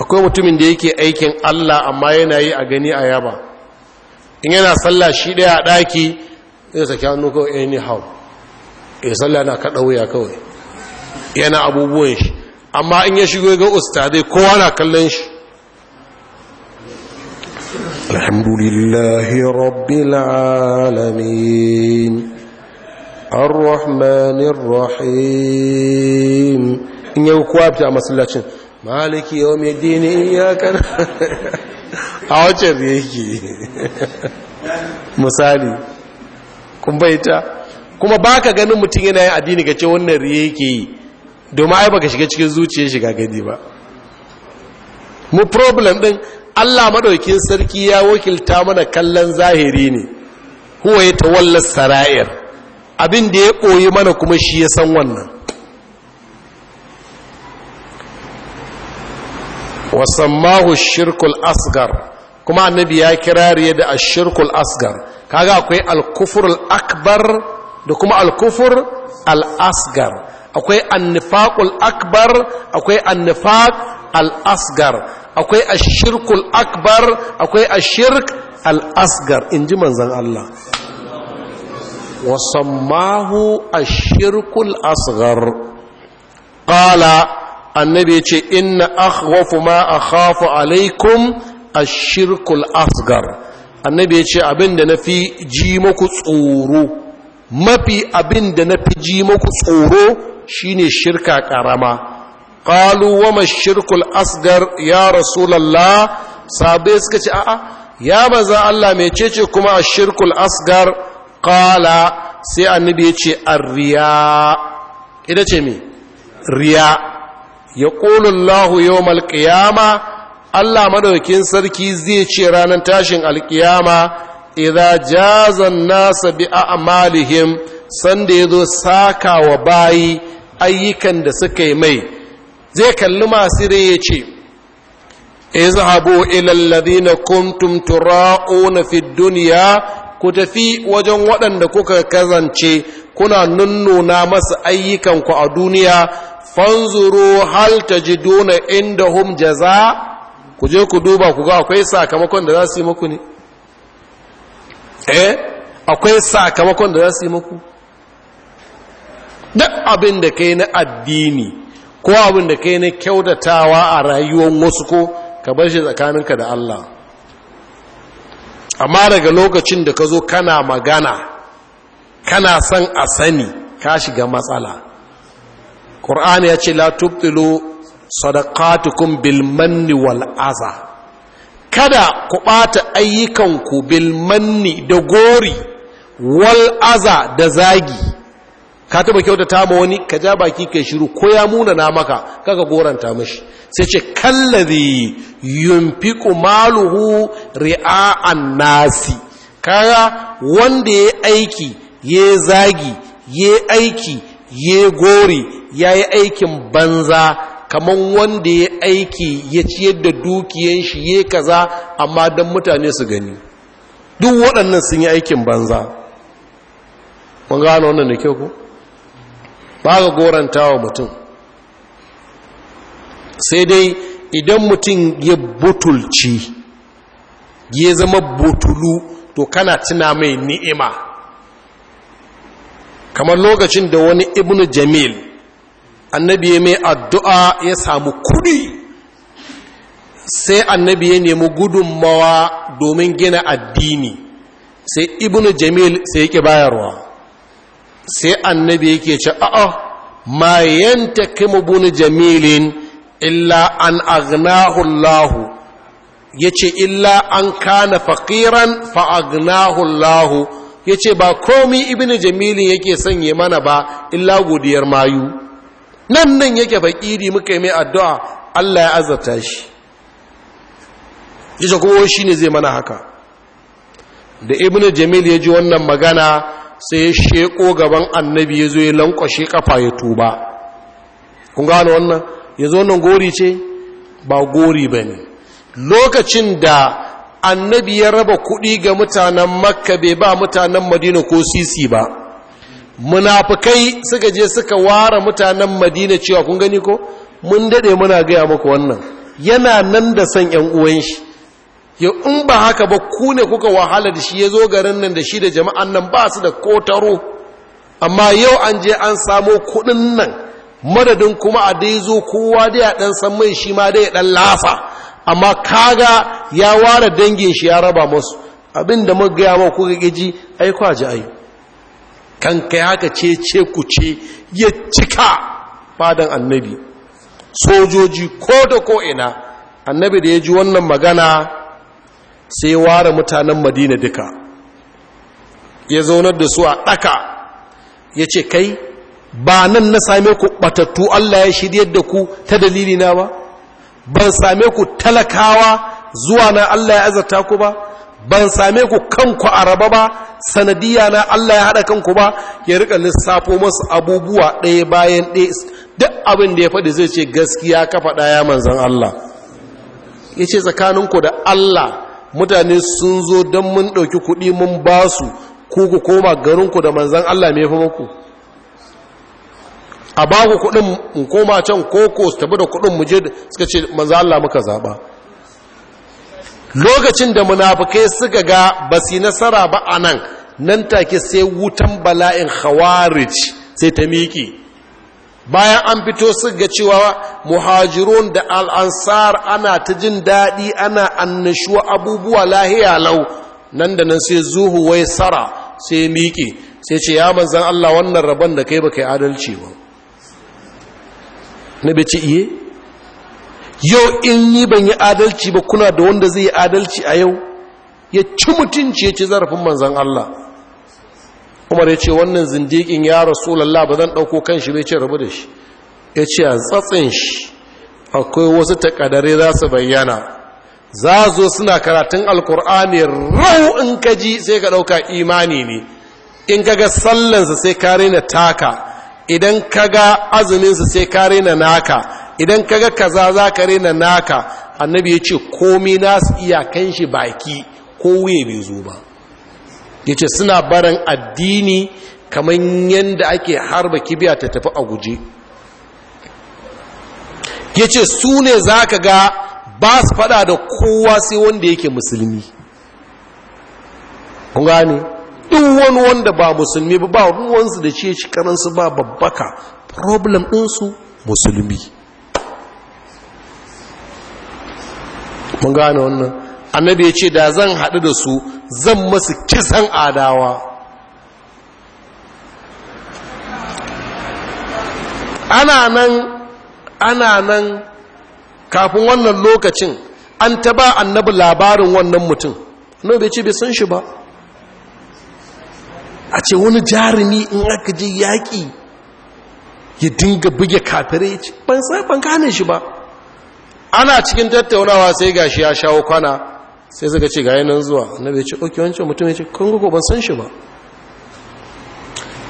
akwai mutumin da yake aikin Allah amma yana yi a gani a yaba in yana sallah shi ɗaya a ɗaki zai sake hannu kawai eh, anyhow ya eh, sallah na kaɗa wuya kawai yana abubuwan shi amma in ya shigo ga ustadai kowa na kallon shi alhamdulillahi rabbil alamin ar rahim in yau kowa fita a masallacin maliki yau mai dini iyakar *laughs* a wacce da yake misali kun baita kuma baka ganin mutum yana yin addini ga ce wannan riye yake yi domin ai baka shiga cikin zuciya shiga gadi ba mu problem din Allah madaukin sarki ya wakilta mana kallon zahiri ne huwa ya tawallar sara'ir abin da ya koyi mana kuma shi ya san wannan wasammahu shirkul asgar kuma annabi ya kirariye da shirkul asgar kaga akwai alkufur akbar da kuma alkufur al'asgar akwai annifaqul akbar akwai annifaq al'asgar akwai shirkul akbar akwai ashirk al'asgar in ji manzan Allah wasammahu shirkul asgar qala annabi ya ce inna akhwafu ma akhafu alaikum shirkul asgar annabi ya ce abinda na fi ji maku tsoro mafi abinda na fi ji tsoro shine shirka karama qalu wa ma shirkul asgar ya rasulullah sabai suka ce a'a ya baza Allah mecece kuma shirkul asgar qala sai annabi ya ce riya. ita ce me riya ya ƙulullahu yau malƙiyama allah madaukin sarki zai ce ranar tashin alƙiyama idha jazan nasa bi a'malihim sanda ya zo saka wa bayi ayyukan da suka yi mai zai kalli masu rai ya ce izhabu ila alladhina kuntum tura'una fi dunya ku tafi wajen waɗanda kuka kazance kuna nunnuna masu ayyukanku a duniya fanzuru hal ta ji inda hum jaza ku je ku duba ku ga akwai sakamakon da za su yi muku ne eh akwai sakamakon da za su yi muku duk abin da kai na addini ko abin da kai na kyautatawa a rayuwar wasu ko ka bar shi tsakaninka da Allah amma daga lokacin da ka zo kana magana kana son a sani ka shiga matsala ƙur'ani ya ce la tubtilu sadaqatukum bil manni wal aza kada ku ɓata ayyukanku bil manni da gori wal aza da zagi ka taba kyautata ma wani ka ja baki kai shiru ko ya muna na maka kaga goranta mashi sai ce kallazi yunfiqu maluhu ri'a'an nasi kaga wanda ya aiki ya zagi ya aiki ya gori ya yi aikin banza kamar wanda ya aiki ya ciyar da dukiyan shi ya kaza amma don mutane su gani duk waɗannan sun yi aikin banza mun gano wannan da kyau ku ba ga goranta wa mutum sai dai idan mutum ya butulci ya zama butulu to kana tuna mai ni'ima kamar lokacin da wani ibnu jamil annabi ya mai addu'a ya samu kudi sai annabi ya nemi gudunmawa domin gina addini sai ibnu jamil sai yake bayarwa sai annabi yake ce a'a ma yanta kima bunu jamilin illa an agnahu ya ce illa an kana faƙiran fa'agnahu allahu ya ce ba komi ibini jamilin yake sanye mana ba illa godiyar mayu nan nan yake faƙiri muka yi mai addu'a Allah ya azarta shi jisha kuma shi ne zai mana haka da ibini jamil ya ji wannan magana sai ya sheko gaban annabi ya zo ya lankwashe kafa ya tuba kun gano wannan ya zo wannan gori ce ba gori ba ne lokacin da annabi ya raba kuɗi ga mutanen makka bai ba mutanen madina ko sisi ba munafukai suka je suka ware mutanen madina cewa kun gani ko mun daɗe muna gaya muku wannan yana nan da son ‘yan uwan shi ya in ba haka ba ku ne kuka wahala da shi ya zo garin nan da shi da jama'an nan ba su da kotaro amma yau an je an samo kuɗin nan madadin kuma a dai zo kowa dai a ɗan san mai shi ma dai ɗan lafa amma kaga ya ware dangin shi ya raba musu abinda mu muka gaya wa kuka gaji ai kwa ji ai kan kai haka ce ce ku ce ya cika fadan annabi sojoji ko da ko ina annabi da ya ji wannan magana sai ware mutanen madina duka ya zaunar da su a ɗaka ya ce kai ba nan na same ku batattu Allah ya shirya da ku ta dalili na ba ban same ku talakawa zuwa na Allah ya azarta ku ba ban same ku kanku a raba ba sanadiyya na Allah ya haɗa kanku ba ya rika lissafo masu abubuwa ɗaya bayan ɗaya duk abin da ya faɗi zai ce gaskiya kafa ya manzan Allah ya ce tsakaninku da Allah mutane sun zo don mun ɗauki kuɗi mun ba su ku ku koma garinku da manzan Allah mai fi muku a ba ku kudin in koma can koko su tabi da kudin mu je suka ce manzo Allah muka zaba lokacin da munafukai suka ga basi nasara ba a nan nan take sai wutan bala'in khawarij sai ta miƙi. bayan an fito su ga cewa muhajirun da al'ansar ana ta jin daɗi ana annashuwa abubuwa lahiya lau nan da nan sai zuhu wai sara sai miƙi. sai ce ya manzan Allah wannan rabon da kai ba kai adalci ba na bai ce iye yau in yi ban yi adalci ba kuna da wanda zai yi adalci a yau ya ci mutunci ya ci zarafin manzan Allah umar ya ce wannan zindikin ya rasu lalla ba zan ɗauko kan shi bai ce rabu da shi ya ce a tsatsin shi akwai wasu takadare za su bayyana za zo suna karatun alkur'ani rau in ka sai ka ɗauka imani ne in ka ga sallansa sai ka raina taka idan ka ga azuminsu sai ka rena naka idan kaga kaza za ka rena naka annabi ya ce komi nasu iyakan shi baki ko wuye bai zo ba ya ce suna barin addini kamar yadda ake harba kibiya ta tafi a guje ya ce su ne za ka ga ba su fada da kowa sai wanda yake musulmi kun ne. duk wani wanda ba musulmi ba ba ruwansu da ce karansu ba babbaka problem ɗinsu musulmi mun gane wannan annabi ya ce da zan haɗu da su zan masu kisan adawa ana nan ana nan kafin wannan lokacin an taba annabi labarin wannan mutum annabi ya ce bai san shi ba a ce wani jarumi in aka je yaƙi ya dinga buge kafirai ce ban saifan kanin shi ba ana cikin tattaunawa sai gashi ya shawo kwana sai suka ce ga yanar zuwa annabi ya ce oke wancan mutum ya ce kun ko ban san shi ba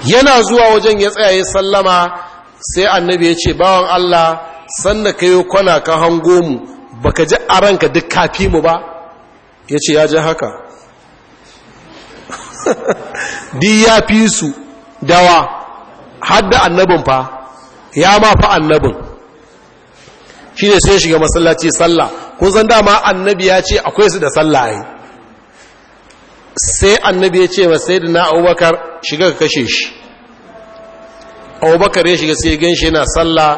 yana zuwa wajen ya tsaye sallama sai annabi ya ce bawan Allah sanda ka yi kwana ka hango mu baka ji a ranka duk kafi mu ba ya ce ya ji haka *laughs* di ya fi su dawa hadda annabin fa ya ma fa annabin shi ne sai shiga masallaci sallah kun san dama annabi ya ce akwai su da salla ai sai annabi ya ce wa sayyidina abubakar shiga ka kashe shi abubakar ya shiga sai gan shi yana sallah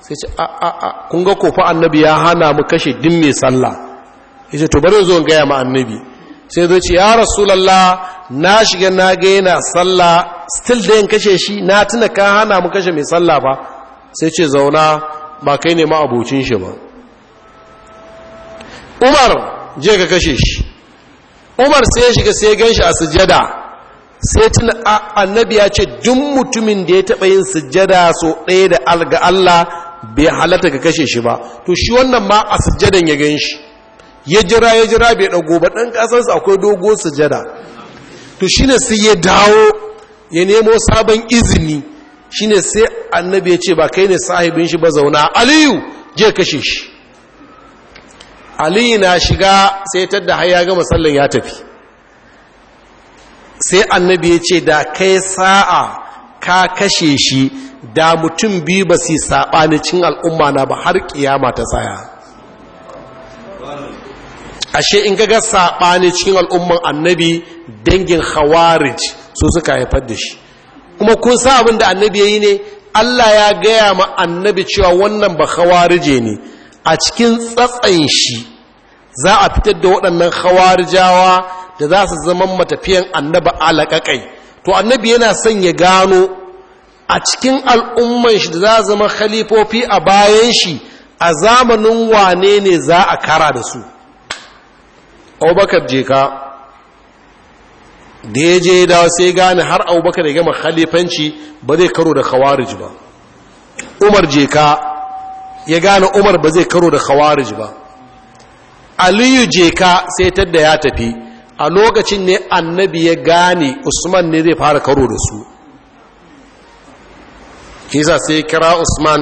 sai ce a a a kun ga kofa annabi ya hana mu kashe din mai sallah ya ce to bari zo gaya ma annabi sai zo ce ya rasulallah na shiga na ga yana sallah still da yin kashe shi na tuna ka hana mu kashe mai sallah ba sai ce zauna ba kai nema abocin shi ba umar je ka kashe shi umar sai ya shiga sai gan shi a sujada sai tuna annabi ya ce duk mutumin da ya taɓa yin sujada so ɗaya da alga Allah bai halatta ka kashe shi ba to shi wannan ma a sujadan ya gan shi ya jira ya jira bai dago ba dan kasansa akwai dogo sujada to shine sai ya dawo ya nemo sabon izini shine sai annabi ya ce ba kai ne sahibin shi ba zauna aliyu je kashe shi aliyu na shiga sai tadda da ya gama sallan ya tafi sai annabi ya ce da kai sa'a ka kashe shi da mutum biyu ba su saɓanicin al'umma na ba har ƙiyama ta tsaya ashe in ga saɓani cikin al'umman annabi dangin khawarij su suka haifar da shi kuma kun sa abin da annabi ya yi ne allah ya gaya ma annabi cewa wannan ba khawarije ne a cikin tsatsayin shi za a fitar da waɗannan khawarijawa da za su zama matafiyan annabi alaƙaƙai to annabi yana son ya gano a cikin al'umman shi da za zama khalifofi a bayan shi a zamanin wane ne za a kara da su abubakar je ka da ya je da sai gane har abubakar ya gama khalifanci ba zai karo da khawarij ba umar je ya gane umar ba zai karo da khawarij ba aliyu je ka sai tadda ya tafi a lokacin ne annabi ya gane usman ne zai fara karo da su kisa sai kira usman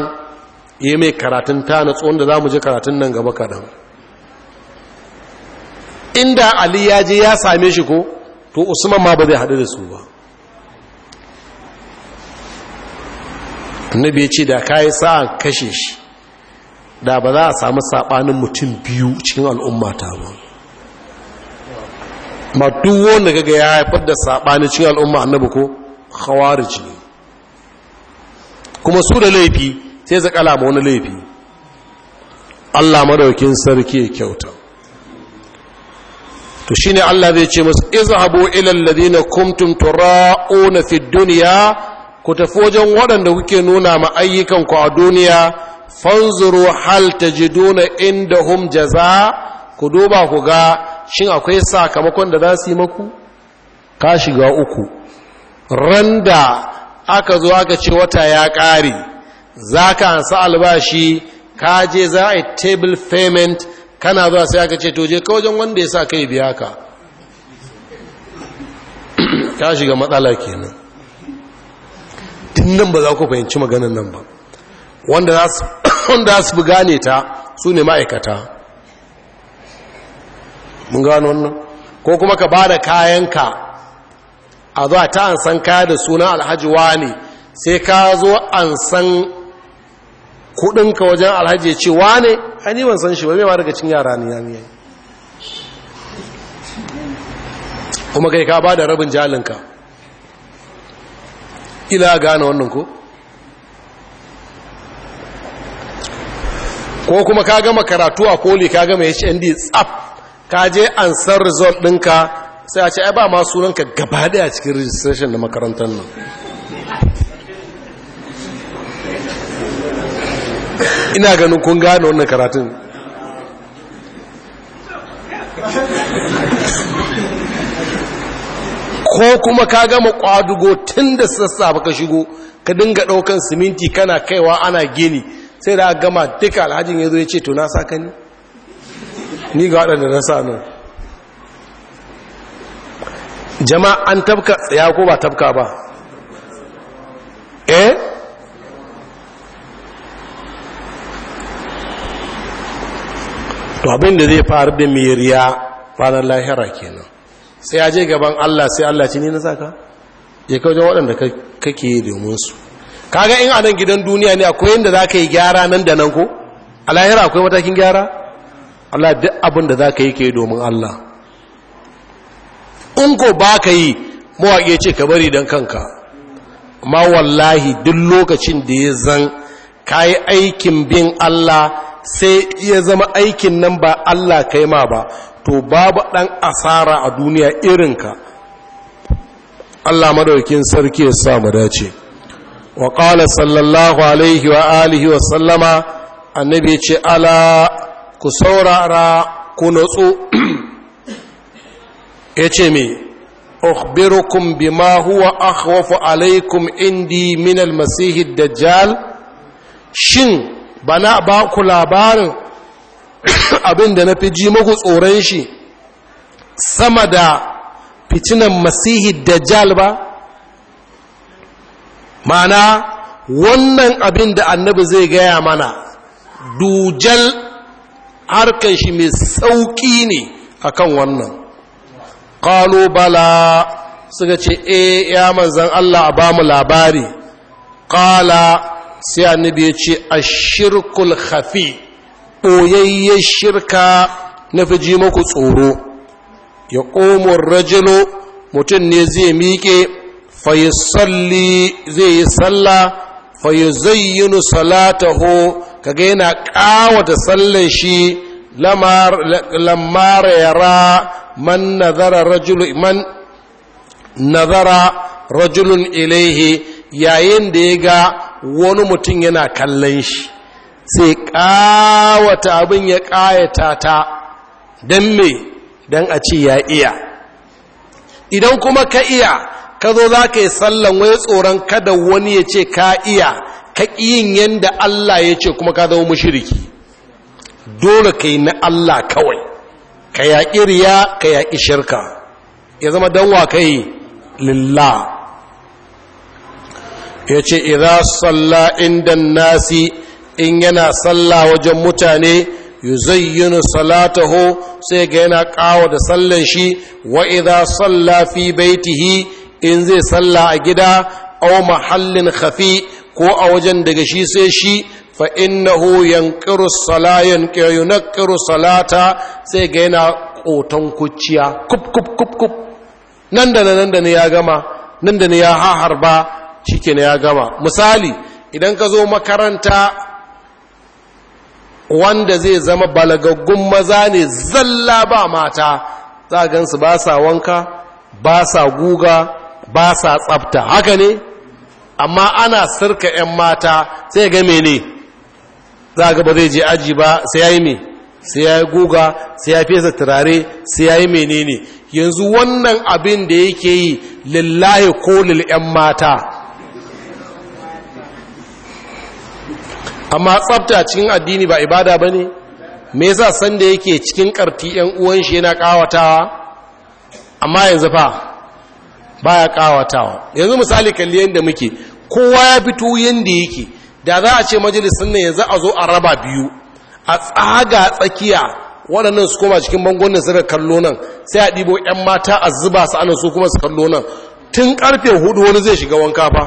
ya mai karatun ta na tsohon da za mu ji karatun nan gaba kaɗan inda ali ya je ya same shi ko to usman ma ba zai haɗu da su ba annabi ya ce da yi sa'an kashe shi da ba za a samu sabanin mutum biyu cikin al'ummata ba ma duk wanda gaga ya haifar da sabanin cikin al'umma annabi ko khawarij ne kuma su da laifi sai zakala ma wani laifi Allah madaukin sarki ya kyauta to shine Allah zai ce musu izhabu ila alladhina kuntum tura'una fid dunya ku tafi wajen waɗanda kuke nuna ma ayyukan ku a duniya fanzuru hal tajiduna indahum jaza ku duba ku ga shin akwai sakamakon da za su yi maku ka shiga uku randa aka zo aka ce wata ya ƙare zaka ka ansa albashi ka je za a table payment kana zuwa sai aka ce toje je ka wajen wanda ya sa kai biya ka ta shiga matsala kenan nan ba za ku fahimci maganin nan ba wanda za su *coughs* gane ta su ne ma'aikata mun gano wannan ko kuma ka ba da kayanka a zuwa ta an san kaya da suna alhaji wa ne sai ka zo an san kudinka wajen alhaji ce wa ne? ainihin ban san shi ba ma daga cin yara ne ya miya kuma kai ka ba da rabin jalinka ila gane wannan ko ko kuma ka gama karatu a koli ka gama di tsaf ka je an san result ɗinka sai a ce ai ba ma sunanka gaba daya cikin registration na makarantar nan ina ganin kun gane wannan karatun ko kuma ka gama kwadugo tun da sassa ka shigo ka dinga ɗaukan siminti kana kaiwa ana gini sai da gama duka alhajin ya zo ya ce to na kani ni ni ga waɗanda na sa nan jama'a an tabka tsaya ko ba tabka ba eh to abin da zai faru da mai riya ranar lahira kenan sai ya je gaban Allah sai Allah ce ni na saka ya wajen waɗanda kake yi domin su kaga in a nan gidan duniya ne akwai yadda za ka yi gyara nan da nan ko a lahira akwai matakin gyara Allah duk abin da za ka yi ke domin Allah in ko ba ka yi mawaƙi ce ka bari don kanka ma wallahi duk lokacin da ya zan ka yi aikin bin Allah sai ya zama aikin nan ba Allah kai ma ba to babu dan asara a duniya irinka Allah madaukin sarki ya sa mu dace wa qala sallallahu alaihi wa alihi wa sallama annabi ce ala ku saurara ku nutsu *clears throat* yace me أخبركم بما هو أخوف عليكم عندي من المسيح الدجال شن ba na ba ku labarin *coughs* abin da na fi ji muku tsoron shi sama da fitinan masihi dajjal ba mana wannan abin da annabi zai gaya mana dujal harkar shi mai sauƙi ne a kan wannan ƙalo suka ce e ya manzan Allah a ba mu labari ƙala sai annabi ya ce a shirkul hafi ɓoyayyen shirka na ji maku tsoro ya ƙomar rajilo mutum ne zai miƙe fayisalli zai yi salla fayizayyinu salataho kaga yana ƙawata sallan shi lamara yara man nazara rajulu man nazara rajulun ilaihi yayin da ya ga wani mutum yana kallon shi sai ƙawata abin ya ƙayata ta don me don a ce ya iya idan kuma ka iya ka zo za ka yi sallan wai tsoron kada wani ya ce ka iya ka yin yadda Allah ya ce kuma ka zama mushiriki dole ka yi na Allah kawai ka yaƙi riya ka yaƙi shirka ya zama don wa kai lillah ya ce idha salla inda nasi in yana salla wajen mutane yuzayyinu salatahu sai ga yana kawo da sallan shi wa idha salla fi baitihi in zai salla a gida aw mahallin khafi ko a wajen daga shi sai shi fa innahu yanqiru salayan yunqiru salata sai ga yana kotan kuciya kub nan da nan da ne ya gama nan da ne ya haharba shikenan ya gama misali idan ka zo makaranta wanda zai zama balagaggun maza ne zalla ba mata za a gansu ba sa wanka ba sa guga ba sa tsafta haka ne amma ana sirka 'yan mata sai ga mene za ga ba zai je aji ba sai ya yi me sai ya guga sai ya fesa turare sai ya yi menene yanzu wannan abin da yake yi lillahi ko lil 'yan mata amma tsafta cikin addini ba ibada ba ne me yasa sanda yake cikin karti yan uwan shi yana kawatawa amma yanzu fa ba ya kawatawa yanzu misali kalli yadda muke kowa ya fito yadda yake da za a ce majalisin nan yanzu a zo a raba biyu a tsaga tsakiya waɗannan su koma cikin bangonin su da kallo nan sai a ɗibo 'yan mata a zuba su anan su kuma su kallo nan tun karfe hudu wani zai shiga wanka fa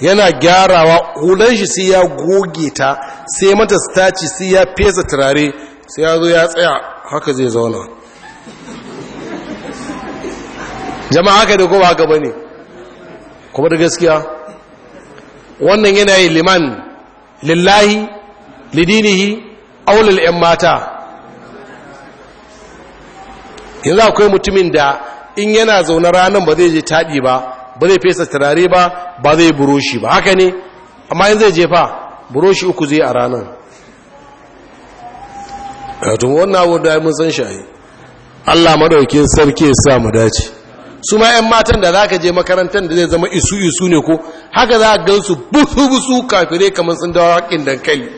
yana gyarawa hulun shi sai ya goge ta sai mata staci sai ya fesa turare sai ya zo ya tsaya haka zai zauna jama'a haka da kuma gaba bane kuma da gaskiya wannan yana yi liman lillahi lidinihi aulil yan mata yanzu akwai mutumin da in yana zaune ranar ba zai je taɗi ba ba zai fesa turare ba ba zai buroshi ba haka ne amma yin zai jefa buroshi uku zai a ranar yatun wannan abu da mun san shayi allah madaukin sarki ya sa mu dace su ma 'yan matan da za ka je makarantar da zai zama isu-isu ne ko haka za a gansu busu-busu kafirai kamar sun dawa haƙin dankali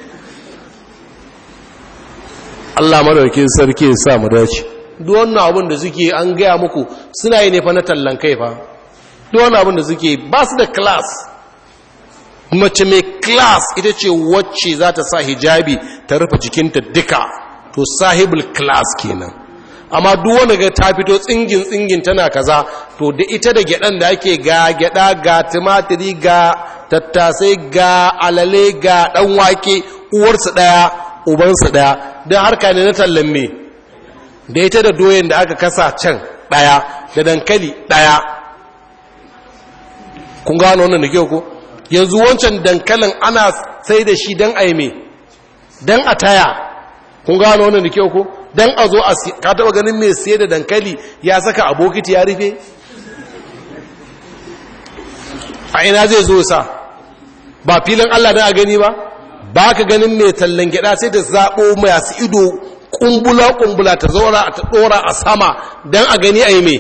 allah madaukin sarki ya sa mu dace duwannan abin da suke an gaya muku suna yi ne fa na tallan kai fa duwan abin da suke ba su da class mace mai class ita ce wacce za ta sa hijabi ta rufe jikinta duka to sahibul class kenan amma wani ga ta fito tsingin tsingin tana kaza to da ita da gyaɗan da ake ga gyaɗa ga tumatiri ga tattasai ga alale ga ɗan wake uwarsa ɗaya ubansa ɗaya don harka ne na tallan da ita da doyen da aka kasa can ɗaya da dankali ɗaya kun gano wannan da kyau ko yanzu wancan dankalin ana sai da shi don aime don a taya kun gano wannan da kyau ko don a zo a ka taba ganin mai siye da dankali ya saka a ya rufe a ina zai zo sa ba filin allah don a gani ba ba ka ganin mai tallan gyaɗa sai da zaɓo masu ido ƙumbula-ƙumbula ta zaura ta ɗora a sama don a gani a yi mai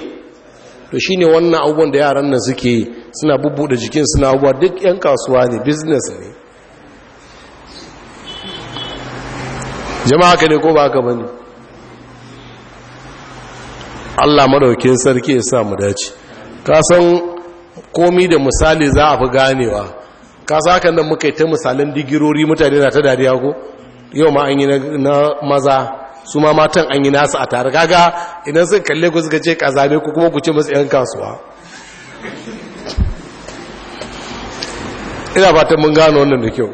to shi ne wannan abubuwan da yaran nan suke yi suna da jikin suna abuwa duk 'yan kasuwa ne business ne jama'a ka ne ko ba ka bane Allah madaukin sarki ya sa mu dace ka san komi da misali za a fi ganewa ka sa hakan nan muka yi ta misalin digirori mutane na ta dariya ko yau ma an yi na maza su ma matan an yi nasu a tare kaga idan sun kalle ku suka ce kaza ku kuma ku ce masu 'yan kasuwa ina fatan mun gano wannan da kyau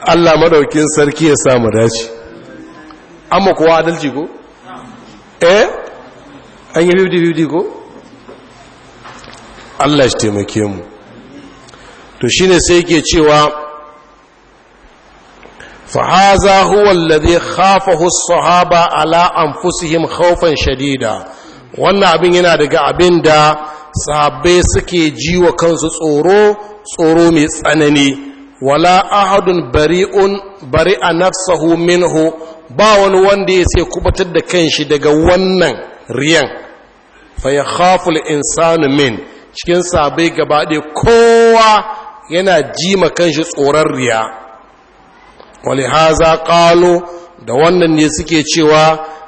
Allah madaukin sarki ya sa mu dace amma kowa adalci ko eh an yi bibdi bibdi ko Allah shi taimake mu to shine sai yake cewa huwa alladhi khafahu as-sahaba ala anfusihim khawfan Shadida, wannan abin yana daga abin da sahabbai suke ji wa kansu tsoro tsoro mai tsanani wala ahadun bari'un bari'a nafsahu minhu ba wani wanda ya sai kubatar da kanshi daga wannan riyan fa ya khaful insanu min cikin sabai gabaɗe kowa yana jima kanshi tsoron riya wali haza ƙalo da wannan ne suke cewa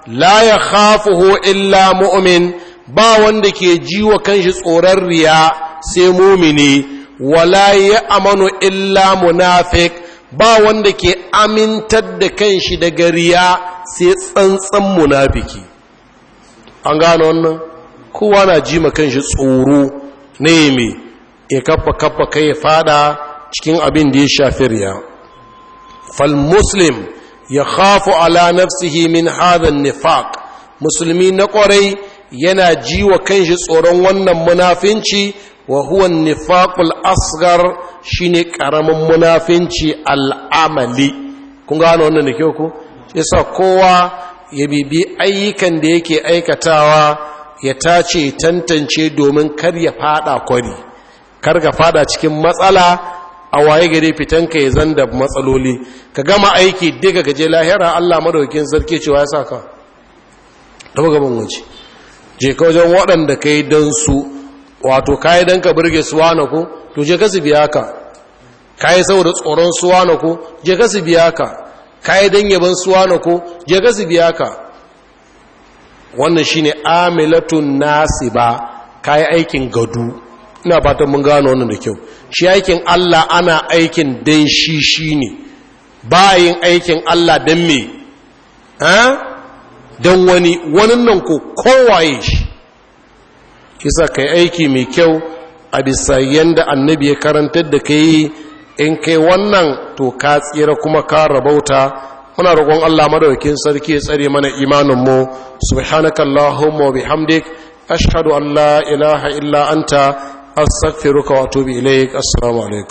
la ya khafuhu illa mu'min ba wanda ke jiwa kanshi tsoron riya sai mumini wala ya amanu illa munafik ba wanda ke amintar da kanshi da gariya sai tsantsan munafiki an gano wannan kowa na ji kanshi tsoro na mai ya kafa kafa kai ya fada cikin abin da ya shafi riya fal muslim ya khafu ala nafsihi min hadhan nifaq musulmi na kwarai yana ji wa kanshi tsoron wannan munafinci wa huwa nifaqul asghar shine karamin munafinci al'amali kun gano wannan da kyau yasa kowa ya bibi ayyukan da yake aikatawa ya tace tantance domin kar ya fada kwari kar ka fada cikin matsala a waye gare fitanka ya zanda matsaloli ka gama aiki daga gaje lahira Allah madaukakin sarki cewa ya saka daga gaban waje je ka wajen waɗanda kai dan su wato kayi don ka birge na ku to je ka su biya ka kayi saboda tsoron na ku je ka su biya ka kayi don yaban na ku je ka su biya ka wannan shi ne amilatun nasiba kayi aikin gadu ina fatan mun gano wannan da kyau shi aikin Allah ana aikin dan shi shi ba yin aikin Allah dan me ha dan wani wannan nan ko kowaye shi kisa kai aiki mai kyau a bisa yadda annabi ya karantar da ka yi in kai wannan to ka tsira kuma ka rabauta muna roƙon Allah madaukakin sarki ya tsare mana imanin mu subhanakallahumma wa bihamdik ashhadu an la ilaha illa anta astaghfiruka wa atubu ilaik assalamu